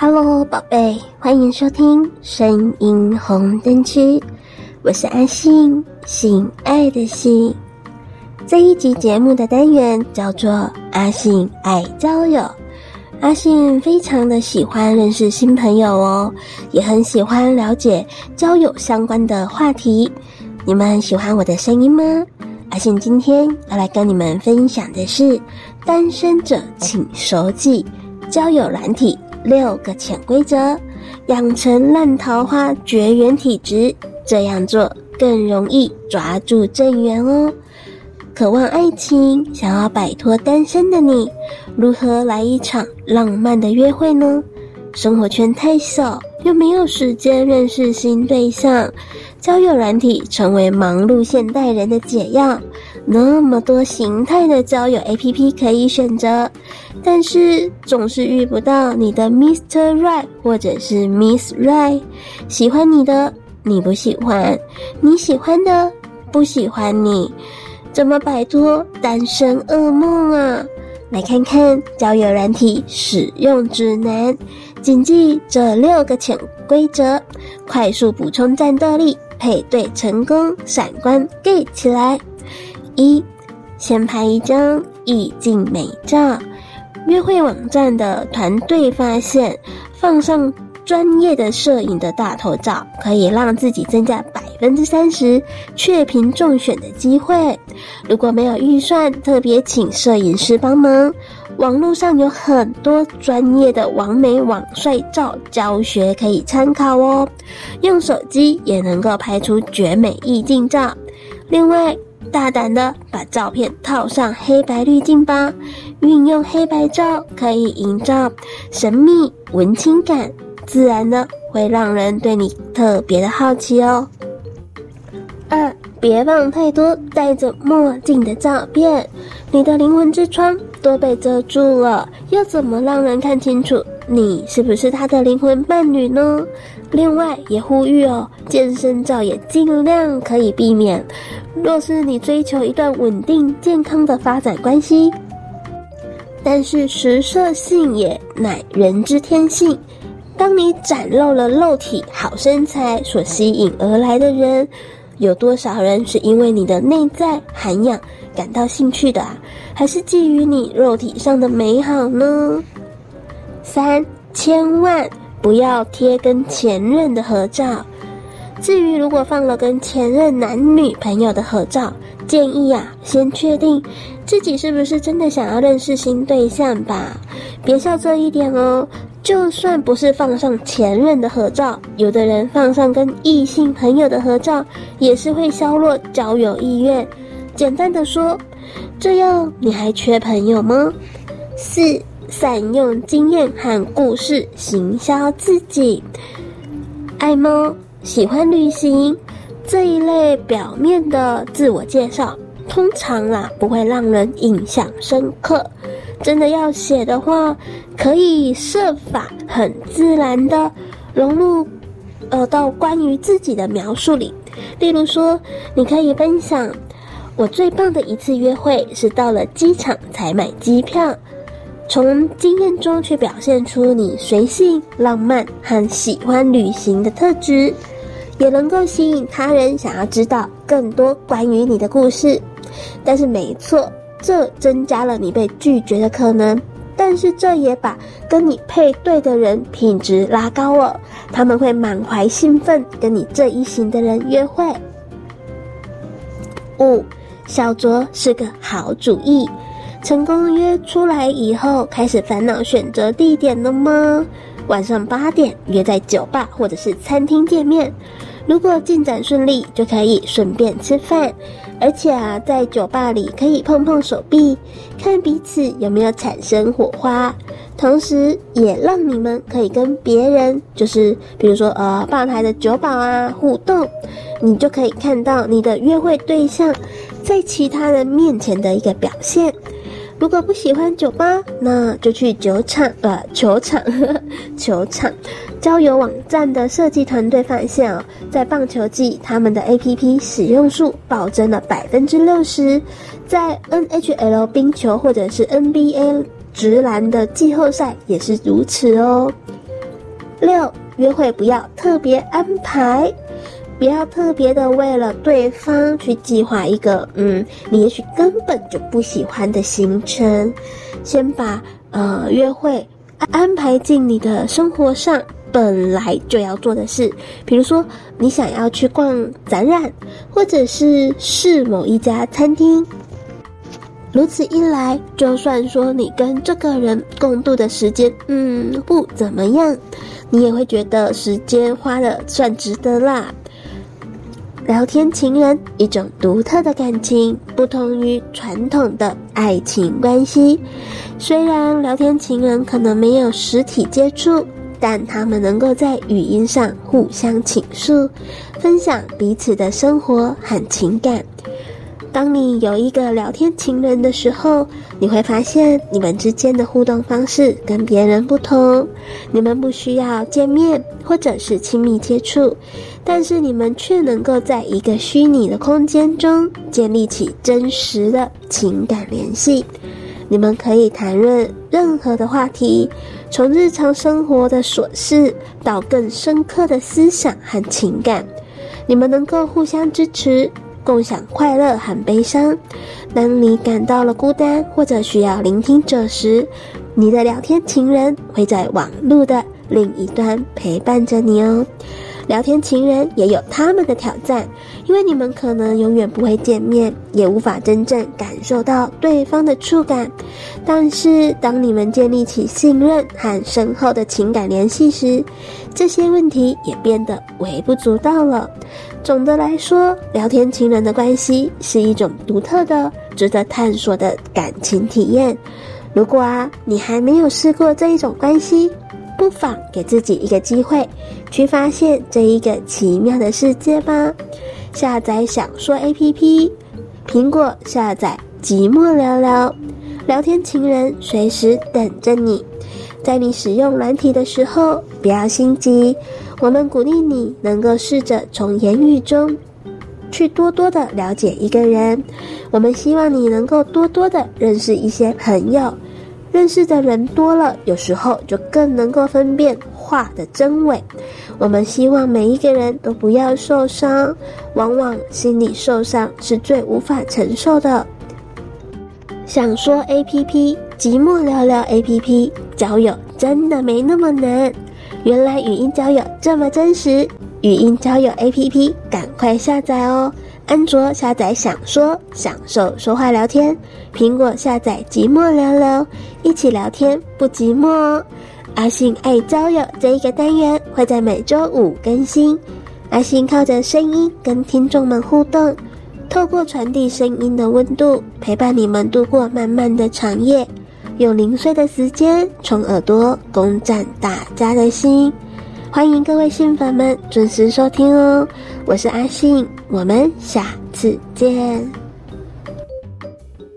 哈嘍，寶貝，歡迎收聽聲音紅燈區，我是阿性，性愛的性。這一集節目的單元叫做阿性愛交友。阿性非常的喜歡認識新朋友哦，也很喜歡了解交友相關的話題。你們喜歡我的聲音嗎？阿性今天要來跟你們分享的是單身者請熟記交友軟體。六個潛規則，養成爛桃花絕緣體質，這樣做更容易抓住正緣哦。渴望愛情，想要擺脫單身的你，如何來一場浪漫的約會呢？生活圈太小，又沒有時間認識新對象，交友軟體成為忙碌現代人的解藥。那麼多型態的交友 APP 可以選擇。但是總是遇不到你的 Mr. Right 或者是 Miss Right，喜歡你的你不喜歡，你喜歡的不喜歡你，怎麼擺脫單身噩夢啊？來看看交友軟體使用指南，謹記這六個潛規則，快速補充戰鬥力，配對成功，閃光 get 起來！一，先拍一張意境美照。約會網站的團隊發現，放上專業的攝影的大頭照，可以讓自己增加百分之三十雀屏中選的機會。如果沒有預算，特別請攝影師幫忙。網絡上有很多專業的網美網帥照教學可以參考哦。用手機也能夠拍出絕美意境照。另外，大膽的把照片套上黑白濾鏡吧，運用黑白照可以營造神秘、文青感，自然呢會讓人對你特別的好奇哦。二，別放太多戴着墨鏡的照片，你的靈魂之窗都被遮住了，要怎麼讓人看清楚你是不是他的靈魂伴侶呢？另外也呼籲哦，健身照也盡量可以避免。若是你追求一段穩定、健康的發展關係，但是食色性也乃人之天性。當你展露了肉體好身材所吸引而來的人，有多少人是因為你的內在涵養感到興趣的啊，還是覬覦你肉體上的美好呢？三，千萬不要貼跟前任的合照。至於如果放了跟前任男女朋友的合照，建議啊，先確定自己是不是真的想要認識新對象吧，別笑這一點哦。就算不是放上前任的合照，有的人放上跟異性朋友的合照，也是會削弱交友意願。簡單的說，這樣你還缺朋友嗎？四，善用經驗和故事行銷自己，愛貓喜歡旅行這一類表面的自我介紹，通常啦、啊、不會讓人印象深刻。真的要寫的話，可以設法很自然的融入，呃，到關於自己的描述裡。例如說，你可以分享我最棒的一次約會是到了機場才買機票。從經驗中卻表現出你隨性、浪漫和喜歡旅行的特質，也能夠吸引他人想要知道更多關於你的故事。但是，沒錯，這增加了你被拒絕的可能。但是，這也把跟你配對的人品質拉高了、哦，他們會滿懷興奮跟你這一型的人約會。五，小酌是個好主意。成功約出來以後，開始煩惱選擇地點了嗎？晚上八點約在酒吧或者是餐廳見面。如果進展順利，就可以順便吃飯。而且啊，在酒吧裡可以碰碰手臂，看彼此有沒有產生火花，同時也讓你們可以跟別人，就是比如說呃，吧台的酒保啊互動，你就可以看到你的約會對象在其他人面前的一個表現。如果不喜歡酒吧，那就去酒廠呃球場，呵呵球場。交友網站的設計團隊發現哦，在棒球季，他們的 A P P 使用數暴增了百分之六十，在 N H L 冰球或者是 N B A 職籃的季後賽也是如此哦。六，約會不要特別安排。不要特別的為了對方去計劃一個，嗯，你也許根本就不喜歡的行程。先把，呃，約會安安排進你的生活上本來就要做的事，比如說你想要去逛展覽，或者是試某一家餐廳。如此一來，就算說你跟這個人共度的時間，嗯，不怎麼樣，你也會覺得時間花了算值得啦。聊天情人，一種獨特的感情，不同於傳統的愛情關係。雖然聊天情人可能沒有實體接觸，但他們能夠在語音上互相傾訴，分享彼此的生活和情感。當你有一個聊天情人的時候，你會發現你們之間的互動方式跟別人不同。你們不需要見面或者是親密接觸，但是你們卻能夠在一個虛擬的空間中建立起真實的情感聯繫。你們可以談論任何的話題，從日常生活的瑣事到更深刻的思想和情感。你們能夠互相支持。共享快樂和悲傷。當你感到了孤單或者需要聆聽者時，你的聊天情人會在網路的另一端陪伴着你哦。聊天情人也有他們的挑戰，因為你們可能永遠不會見面，也無法真正感受到對方的觸感。但是，當你們建立起信任和深厚的情感聯繫時，這些問題也變得微不足道了。總的來說，聊天情人的關係是一種獨特的、值得探索的感情體驗。如果啊，你還沒有試過這一種關係，不妨給自己一個機會，去發現這一個奇妙的世界吧。下載享說 APP，蘋果下載“寂寞聊聊”，聊天情人隨時等着你。在你使用軟體的時候，不要心急。我們鼓勵你能夠試着從言語中，去多多的了解一個人。我們希望你能夠多多的認識一些朋友，認識的人多了，有時候就更能夠分辨話的真偽。我們希望每一個人都不要受傷，往往心理受傷是最無法承受的。想說 A P P，寂寞聊聊 A P P，交友真的沒那麼難。原來語音交友這麼真實，語音交友 APP 趕快下載哦！安卓下載享說享受說話聊天，蘋果下載寂寞聊聊，一起聊天不寂寞哦。阿性愛交友這一個單元會在每周五更新，阿性靠着聲音跟聽眾們互動，透過傳遞聲音的溫度，陪伴你們度過漫漫的長夜。用零碎的時間，從耳朵攻占大家的心。歡迎各位信粉們準時收聽哦，我是阿信，我們下次見。